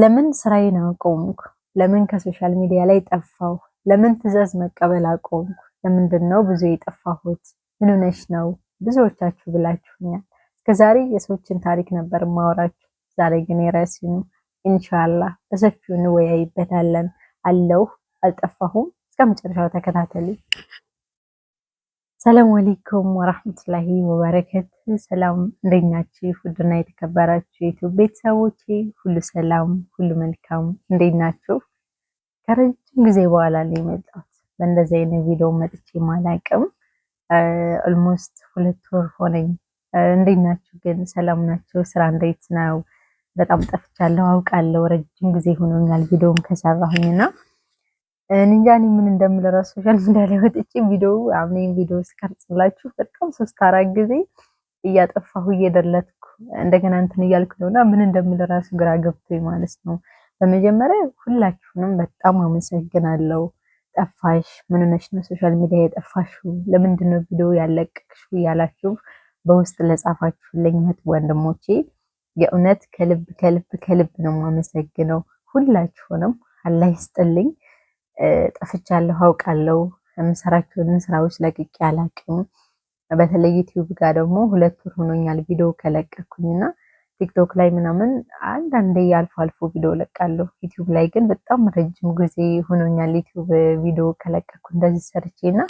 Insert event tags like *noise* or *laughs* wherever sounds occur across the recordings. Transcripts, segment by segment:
ለምን ስራዬን አቆምኩ? ለምን ከሶሻል ሚዲያ ላይ ጠፋሁ? ለምን ትዕዛዝ መቀበል አቆምኩ? ለምንድን ነው ብዙ የጠፋሁት? ምን ሆነሽ ነው ብዙዎቻችሁ ብላችሁኛል። እስከዛሬ የሰዎችን ታሪክ ነበር ማወራችሁ። ዛሬ ግን የራሴን ኢንሻአላህ በሰፊው እንወያይበታለን። አለሁ አልጠፋሁም። እስከ መጨረሻው ተከታተሉ። ሰላም አለይኩም ወራህመቱላሂ ወበረከት። ሰላም እንዴት ናችሁ? ውድና የተከበራችሁ የዩቲዩብ ቤተሰቦቼ ሁሉ ሰላም፣ ሁሉ መልካም። እንደናችሁ? ናችሁ? ከረጅም ጊዜ በኋላ ነው የመጣሁት። በእንደዚህ አይነት ቪዲዮ መጥቼ ማላቅም ኦልሞስት ሁለት ወር ሆነኝ። እንደናችሁ ናችሁ ግን? ሰላም ናችሁ? ስራ እንዴት ነው? በጣም ጠፍቻለሁ አውቃለሁ። ረጅም ጊዜ ሆኖኛል ቪዲዮም ከሰራሁኝና እንጃ ምን እንደምለራ ሶሻል ሚዲያ ላይ ወጥቼ ቪዲዮ አብኔን ቪዲዮ ስቀርጽላችሁ በጣም ሶስት አራት ጊዜ እያጠፋሁ እየደለትኩ እንደገና እንትን እያልኩ ነውና ምን እንደምለራሱ ግራ ገብቶኝ ማለት ነው። በመጀመሪያ ሁላችሁንም በጣም አመሰግናለሁ። ጠፋሽ ምን ነሽ ነው ሶሻል ሚዲያ የጠፋሽ ለምንድን ነው ቪዲዮ ያለቀቅሽው እያላችሁ በውስጥ ለጻፋችሁልኝ እህት ወንድሞቼ የእውነት ከልብ ከልብ ከልብ ነው የማመሰግነው ሁላችሁንም አላህ ይስጥልኝ። ጠፍቻለሁ አውቃለሁ። የምሰራቸውንም ስራዎች ለቅቄ አላቅም። በተለይ ዩቲዩብ ጋር ደግሞ ሁለት ወር ሆኖኛል ቪዲዮ ከለቀኩኝና ቲክቶክ ላይ ምናምን አንዳንዴ አልፎ አልፎ ቪዲዮ ለቃለሁ። ዩቲዩብ ላይ ግን በጣም ረጅም ጊዜ ሆኖኛል ዩቲዩብ ቪዲዮ ከለቀኩ እንደዚህ ሰርቼ እና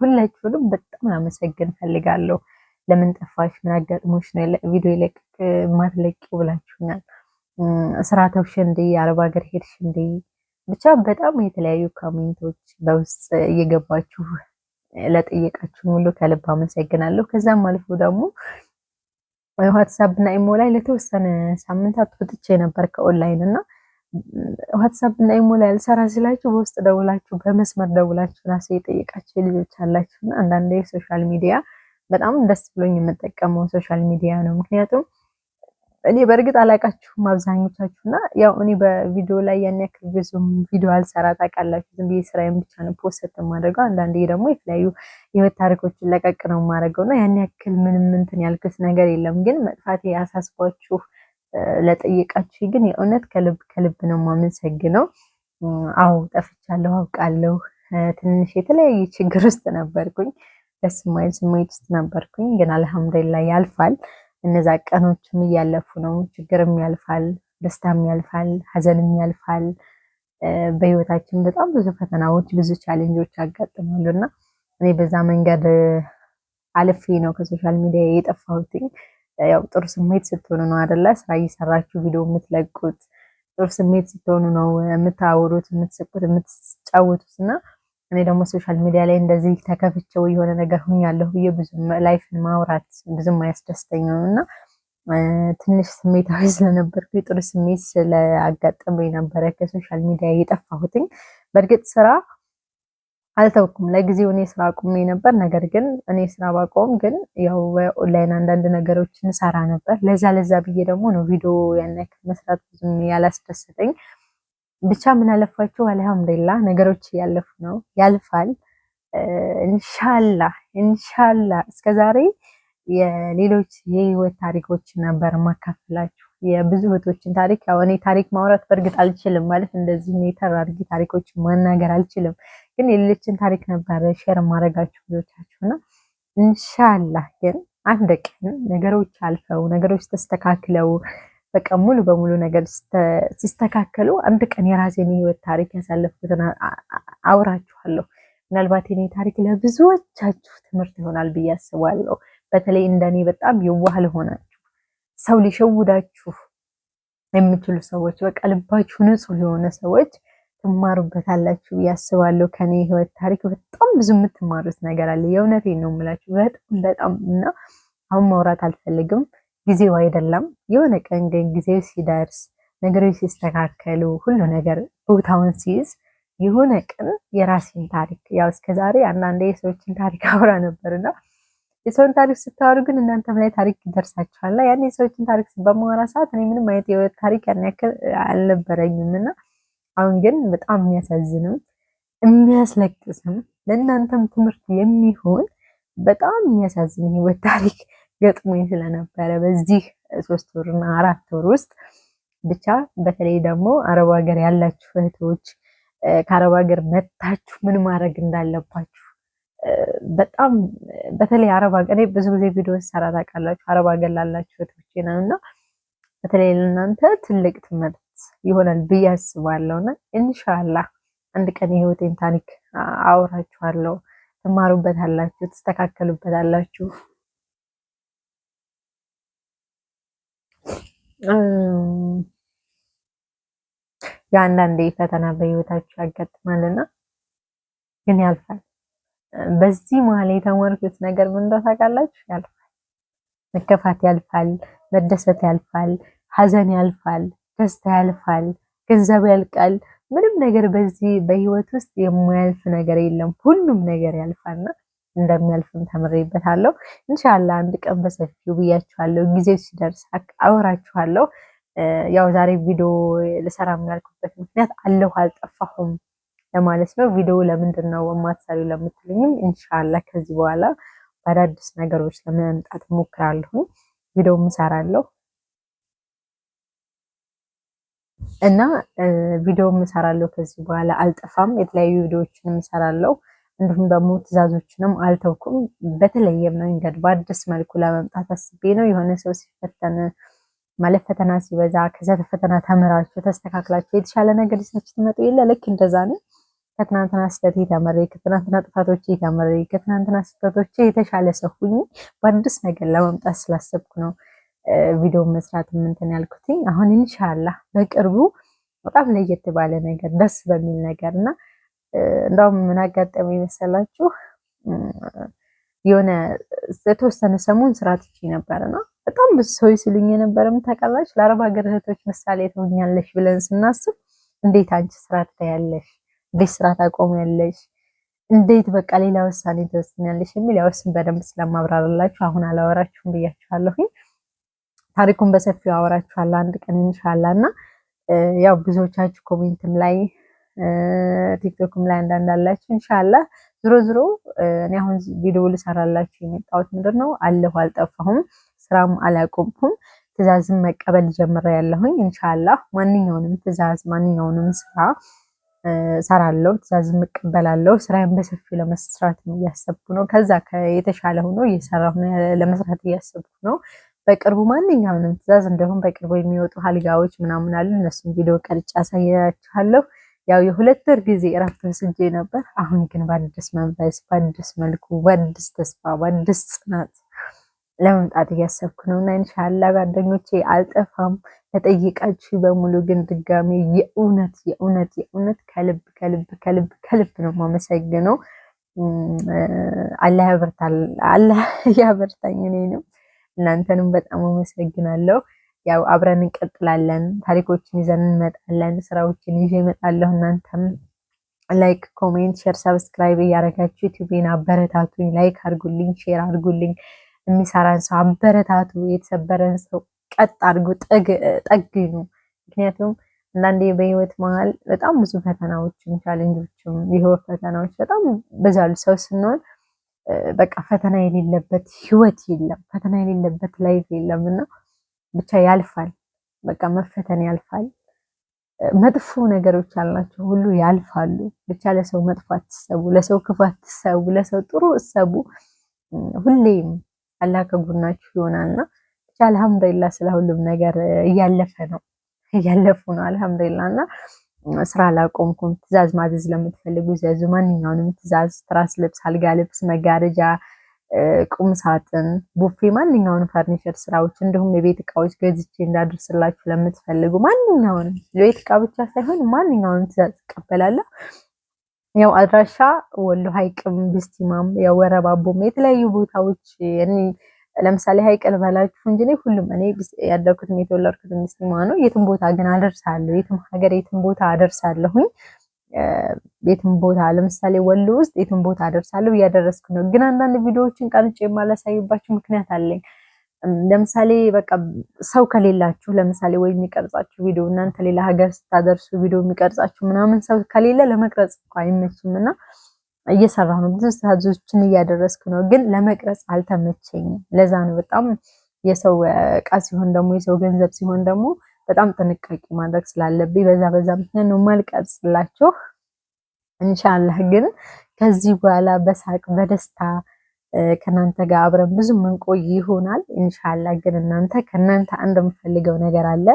ሁላችሁንም በጣም ላመሰግን ፈልጋለሁ። ለምን ጠፋሽ? ምን አጋጥሞሽ ነው ቪዲዮ ይለቅቅ ማትለቂው ብላችሁኛል። ስራ ተውሽ እንዴ? አረብ ሀገር ሄድሽ እንዴ? ብቻ በጣም የተለያዩ ኮሜንቶች በውስጥ እየገባችሁ ለጠየቃችሁ ሁሉ ከልብ አመሰግናለሁ። ከዛም አልፎ ደግሞ ዋትሳፕ እና ኢሞ ላይ ለተወሰነ ሳምንታት ወጥቼ ነበር ከኦንላይን እና ዋትሳፕ እና ኢሞ ላይ አልሰራ ስላችሁ በውስጥ ደውላችሁ በመስመር ደውላችሁ ራሴ የጠየቃችሁ ልጆች እና አንዳንዴ ሶሻል ሚዲያ በጣም ደስ ብሎኝ የምጠቀመው ሶሻል ሚዲያ ነው ምክንያቱም እኔ በእርግጥ አላውቃችሁም አብዛኞቻችሁ እና ያው እኔ በቪዲዮ ላይ ያን ያክል ብዙም ቪዲዮ አልሰራ ታውቃላችሁ። ዝም ብዬ ስራዬን ብቻ ነው ፖስት የማደርገው። አንዳንዴ ደግሞ የተለያዩ የህይወት ታሪኮችን ለቀቅ ነው የማደርገው እና ያን ያክል ምንም እንትን ያልኩት ነገር የለም። ግን መጥፋቴ ያሳስባችሁ ለጠየቃችሁ ግን የእውነት ከልብ ከልብ ነው የማመሰግነው። አዎ ጠፍቻለሁ፣ አውቃለሁ። ትንሽ የተለያየ ችግር ውስጥ ነበርኩኝ፣ ደስ የማይል ስሜት ውስጥ ነበርኩኝ። ግን አልሐምዱሊላህ ያልፋል። እነዛ ቀኖችም እያለፉ ነው። ችግርም ያልፋል፣ ደስታም ያልፋል፣ ሀዘንም ያልፋል። በህይወታችን በጣም ብዙ ፈተናዎች፣ ብዙ ቻሌንጆች ያጋጥማሉ እና እኔ በዛ መንገድ አልፌ ነው ከሶሻል ሚዲያ የጠፋሁትኝ። ያው ጥሩ ስሜት ስትሆኑ ነው አደለ? ስራ እየሰራችሁ ቪዲዮ የምትለቁት ጥሩ ስሜት ስትሆኑ ነው የምታወሩት፣ የምትስቁት፣ የምትጫወቱት እና እኔ ደግሞ ሶሻል ሚዲያ ላይ እንደዚህ ተከፍቼው የሆነ ነገር ሁኛለሁ ብዬ ብዙ ላይፍን ማውራት ብዙም አያስደስተኝም እና ትንሽ ስሜታዊ *laughs* ስለነበርኩ ጥሩ ስሜት ስለአጋጠመኝ ነበረ ከሶሻል ሚዲያ የጠፋሁትኝ። በእርግጥ ስራ አልተውኩም። ለጊዜው እኔ ስራ አቁሜ ነበር። ነገር ግን እኔ ስራ ባቆም ግን ያው ኦንላይን አንዳንድ ነገሮችን ሰራ ነበር። ለዛ ለዛ ብዬ ደግሞ ነው ቪዲዮ ያን ያክል መስራት ብዙም ያላስደሰተኝ። ብቻ ምን አለፋችሁ፣ አልሐምዱሊላ ነገሮች እያለፉ ነው፣ ያልፋል። እንሻላ እንሻላ። እስከዛሬ የሌሎች የህይወት ታሪኮች ነበር ማካፍላችሁ፣ የብዙ እህቶችን ታሪክ። ያው እኔ ታሪክ ማውራት በእርግጥ አልችልም፣ ማለት እንደዚህ ሜተር አድርጌ ታሪኮች ማናገር አልችልም፣ ግን የሌሎችን ታሪክ ነበር ሼር ማድረጋችሁ ብዙዎቻችሁና፣ እንሻላ ግን አንድ ቀን ነገሮች አልፈው ነገሮች ተስተካክለው በቃ ሙሉ በሙሉ ነገር ሲስተካከሉ አንድ ቀን የራሴን የህይወት ታሪክ ያሳለፍኩትን አውራችኋለሁ። ምናልባት የኔ ታሪክ ለብዙዎቻችሁ ትምህርት ይሆናል ብዬ አስባለሁ። በተለይ እንደኔ በጣም የዋህ ለሆናችሁ ሰው ሊሸውዳችሁ የምችሉ ሰዎች፣ በቃ ልባችሁ ንጹህ የሆነ ሰዎች ትማሩበታላችሁ ብዬ አስባለሁ። ከኔ ህይወት ታሪክ በጣም ብዙ የምትማሩት ነገር አለ። የእውነቴን ነው የምላችሁ በጣም በጣም እና አሁን ማውራት አልፈልግም። ጊዜው አይደለም። የሆነ ቀን ግን ጊዜው ሲደርስ ነገሮች ሲስተካከሉ ሁሉ ነገር ቦታውን ሲይዝ የሆነ ቀን የራሴን ታሪክ ያው እስከዛሬ አንዳንዴ የሰዎችን ታሪክ *laughs* አውራ ነበርና የሰውን ታሪክ ስታወሩ ግን እናንተም ላይ ታሪክ ይደርሳችኋል። ያን የሰዎችን ታሪክ በማወራ ሰዓት እኔ ምንም አይነት የህይወት ታሪክ ያን ያክል አልነበረኝም እና አሁን ግን በጣም የሚያሳዝንም የሚያስለቅስም ለእናንተም ትምህርት የሚሆን በጣም የሚያሳዝን ህይወት ታሪክ ገጥሞኝ ስለነበረ በዚህ ሶስት ወርና አራት ወር ውስጥ ብቻ በተለይ ደግሞ አረብ ሀገር ያላችሁ እህቶች ከአረብ ሀገር መታችሁ ምን ማድረግ እንዳለባችሁ በጣም በተለይ አረብ ሀገር ብዙ ጊዜ ቪዲዮ ሰራ ታውቃላችሁ። አረብ ሀገር ላላችሁ እህቶች ነው እና በተለይ ለእናንተ ትልቅ ትምህርት ይሆናል ብዬ አስባለሁ እና እንሻላ አንድ ቀን የህይወቴን ታሪክ አውራችኋለሁ። ትማሩበት አላችሁ፣ ትስተካከሉበት አላችሁ። የአንዳንዴ ፈተና በህይወታችሁ ያጋጥማልና ግን ያልፋል። በዚህ መሀል የተማርኩት ነገር ምን እንደሆነ ታውቃላችሁ? ያልፋል። መከፋት ያልፋል፣ መደሰት ያልፋል፣ ሀዘን ያልፋል፣ ደስታ ያልፋል፣ ገንዘብ ያልቃል። ምንም ነገር በዚህ በህይወት ውስጥ የማያልፍ ነገር የለም። ሁሉም ነገር ያልፋልና እንደሚያልፍም ተምሬበታለሁ። እንሻላ አንድ ቀን በሰፊው ብያችኋለሁ። ጊዜው ሲደርስ አወራችኋለሁ። ያው ዛሬ ቪዲዮ ልሰራ የምናልኩበት ምክንያት አለሁ አልጠፋሁም ለማለት ነው። ቪዲዮ ለምንድን ነው የማትሰሪ ለምትልኝም እንሻላ ከዚህ በኋላ በአዳዲስ ነገሮች ለመምጣት ሞክራለሁ። ቪዲዮ እሰራለሁ እና ቪዲዮ እሰራለሁ ከዚህ በኋላ አልጠፋም። የተለያዩ ቪዲዮዎችንም እሰራለሁ። እንዲሁም ደግሞ ትዕዛዞችንም አልተውኩም። በተለየ መንገድ በአዲስ መልኩ ለመምጣት አስቤ ነው። የሆነ ሰው ሲፈተን ማለት ፈተና ሲበዛ ከዚያ ፈተና ተምራችሁ ተስተካክላችሁ የተሻለ ነገር ይዛችሁ ትመጡ የለ ልክ እንደዛ ነው። ከትናንትና ስህተት ተምሬ ከትናንትና ጥፋቶች ተምሬ ከትናንትና ስህተቶች የተሻለ ሰው ሁኜ በአዲስ ነገር ለመምጣት ስላሰብኩ ነው ቪዲዮ መስራት ምንትን ያልኩትኝ። አሁን ኢንሻላህ በቅርቡ በጣም ለየት ባለ ነገር ደስ በሚል ነገር እና እንዳውም ምን አጋጠመ የመሰላችሁ የሆነ የተወሰነ ሰሞን ስራ ትቼ ነበርና በጣም ብዙ ሰው ሲሉኝ የነበረም ታውቃላችሁ፣ ለአረብ ሀገር እህቶች ምሳሌ ትሆኛለሽ ብለን ስናስብ እንዴት አንቺ ስራ ትታያለሽ፣ እንዴት ስራ ታቆሚያለሽ፣ እንዴት በቃ ሌላ ውሳኔ ትወስኛለሽ የሚል ያው እሱን በደንብ ስለማብራርላችሁ አሁን አላወራችሁም ብያችኋለሁኝ። ታሪኩን በሰፊው አወራችኋለሁ አንድ ቀን እንሻላ እና ያው ብዙዎቻችሁ ኮሜንትም ላይ ቲክቶክም ላይ አንዳንድ አላችሁ። ዝሮ ዝሮ እኔ አሁን ቪዲዮ ልሰራላችሁ የመጣሁት ምንድን ነው አለሁ፣ አልጠፋሁም፣ ስራም አላቆምኩም። ትእዛዝም መቀበል ጀምረ ያለሁኝ እንሻላ ማንኛውንም ትእዛዝ ማንኛውንም ስራ ሰራለሁ፣ ትእዛዝም እቀበላለሁ። ስራዬን በሰፊው ለመስራት እያሰብኩ ነው። ከዛ የተሻለ ሆኖ እየሰራሁ ለመስራት እያሰብኩ ነው። በቅርቡ ማንኛውንም ትእዛዝ እንደሁም በቅርቡ የሚወጡ ሀልጋዎች ምናምን አሉ። እነሱም ቪዲዮ ቀርጬ አሳያችኋለሁ። ያው የሁለት ወር ጊዜ እረፍት ወስጄ ነበር። አሁን ግን በአዲስ መንፈስ፣ በአዲስ መልኩ፣ በአዲስ ተስፋ፣ በአዲስ ጽናት ለመምጣት እያሰብኩ ነው እና ኢንሻላ ጓደኞቼ አልጠፋም። ለጠይቃችሁ በሙሉ ግን ድጋሚ የእውነት የእውነት የእውነት ከልብ ከልብ ከልብ ከልብ ነው የማመሰግነው። አላህ *laughs* ያበርታኝ እኔንም እናንተንም በጣም አመሰግናለሁ። ያው አብረን እንቀጥላለን። ታሪኮችን ይዘን እንመጣለን። ስራዎችን ይዤ እመጣለሁ። እናንተም ላይክ፣ ኮሜንት፣ ሼር፣ ሰብስክራይብ እያደረጋችሁ ዩቲዩቤን አበረታቱኝ። ላይክ አድርጉልኝ፣ ሼር አድርጉልኝ። የሚሰራን ሰው አበረታቱ። የተሰበረን ሰው ቀጥ አድርጉ፣ ጠግኑ። ምክንያቱም አንዳንዴ በህይወት መሀል በጣም ብዙ ፈተናዎችም ቻሌንጆችም የህይወት ፈተናዎች በጣም በዛሉ። ሰው ስንሆን በቃ ፈተና የሌለበት ህይወት የለም፣ ፈተና የሌለበት ላይፍ የለም እና ብቻ ያልፋል። በቃ መፈተን ያልፋል። መጥፎ ነገሮች ያልናቸው ሁሉ ያልፋሉ። ብቻ ለሰው መጥፎ አትሰቡ፣ ለሰው ክፉ አትሰቡ፣ ለሰው ጥሩ እሰቡ። ሁሌም አላህ ከጎናችሁ ይሆናልና ብቻ አልሐምዱሊላ ስለ ሁሉም ነገር እያለፈ ነው እያለፉ ነው አልሐምዱሊላ እና ስራ አላቆምኩም። ትእዛዝ ማዘዝ ለምትፈልጉ ዘዙ። ማንኛውንም ትእዛዝ ትራስ ልብስ፣ አልጋ ልብስ፣ መጋረጃ ቁም ሳጥን፣ ቡፌ፣ ማንኛውን ፈርኒቸር ስራዎች እንዲሁም የቤት እቃዎች ገዝቼ እንዳደርስላችሁ ለምትፈልጉ ማንኛውን የቤት እቃ ብቻ ሳይሆን ማንኛውን ትዕዛዝ እቀበላለሁ። ያው አድራሻ ወሎ ሀይቅም፣ ብስቲማም፣ ያው ወረባቦም የተለያዩ ቦታዎች ለምሳሌ ሀይቅ ልበላችሁ እንጂ ሁሉም እኔ ያደኩትም የተወለድኩትም ብስቲማ ነው። የትም ቦታ ግን አደርሳለሁ። የትም ሀገር የትም ቦታ አደርሳለሁኝ። የትም ቦታ ለምሳሌ ወሎ ውስጥ የትም ቦታ አደርሳለሁ እያደረስኩ ነው። ግን አንዳንድ ቪዲዮዎችን ቀርጬ የማላሳይባችሁ ምክንያት አለኝ። ለምሳሌ በቃ ሰው ከሌላችሁ ለምሳሌ ወይ የሚቀርጻችሁ ቪዲዮ እናንተ ሌላ ሀገር ስታደርሱ ቪዲዮ የሚቀርጻችሁ ምናምን ሰው ከሌለ ለመቅረጽ እኮ አይመችም እና እየሰራሁ ነው። ብዙ ስታዞችን እያደረስኩ ነው፣ ግን ለመቅረጽ አልተመቸኝም። ለዛ ነው በጣም የሰው እቃ ሲሆን ደግሞ የሰው ገንዘብ ሲሆን ደግሞ በጣም ጥንቃቄ ማድረግ ስላለብኝ በዛ በዛ ምክንያት ነው ማልቀርጽላችሁ። እንሻላህ ግን ከዚህ በኋላ በሳቅ በደስታ ከናንተ ጋር አብረን ብዙ ምንቆይ ይሆናል። እንሻላ ግን እናንተ ከእናንተ አንድ የምፈልገው ነገር አለ።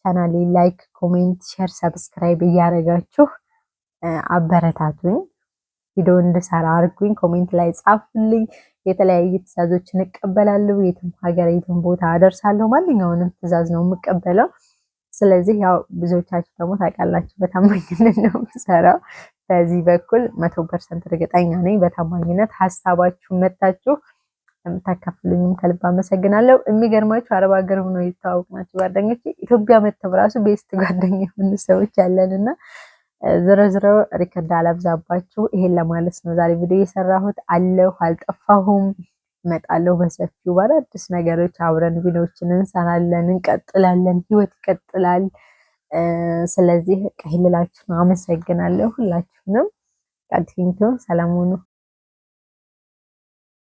ቻናሌ ላይክ፣ ኮሜንት፣ ሼር፣ ሰብስክራይብ እያደረጋችሁ አበረታቱኝ። ቪዲዮ እንድሰራ አድርጉኝ። ኮሜንት ላይ ጻፉልኝ። የተለያየ ትእዛዞችን እቀበላለሁ። የትም ሀገር የትም ቦታ አደርሳለሁ። ማንኛውንም ትእዛዝ ነው የምቀበለው። ስለዚህ ያው ብዙዎቻችሁ ደግሞ ታውቃላችሁ በታማኝነት ነው የምሰራው። በዚህ በኩል መቶ ፐርሰንት እርግጠኛ ነኝ በታማኝነት ሀሳባችሁ መታችሁ የምታካፍሉኝም ከልብ አመሰግናለሁ። የሚገርማችሁ አረብ ሀገር ሆኖ ናቸው ጓደኞች ኢትዮጵያ መተው ራሱ ቤስት ጓደኛ የሆኑ ሰዎች ያለን እና ዝርዝሮ ሪከርድ አላብዛባችሁ። ይሄን ለማለት ነው ዛሬ ቪዲዮ የሰራሁት። አለሁ አልጠፋሁም። እመጣለሁ በሰፊው በአዳዲስ ነገሮች አብረን ቪዲዮዎችን እንሰራለን፣ እንቀጥላለን። ህይወት ይቀጥላል። ስለዚህ ቀይ አመሰግናለሁ። ሁላችሁንም ቀጥንቶ ሰላም ሁኑ።